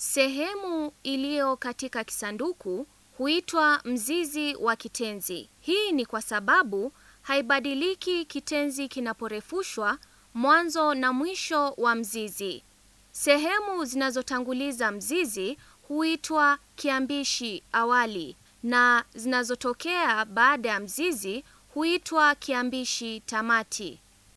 Sehemu iliyo katika kisanduku huitwa mzizi wa kitenzi. Hii ni kwa sababu haibadiliki kitenzi kinaporefushwa mwanzo na mwisho wa mzizi. Sehemu zinazotanguliza mzizi huitwa kiambishi awali na zinazotokea baada ya mzizi huitwa kiambishi tamati.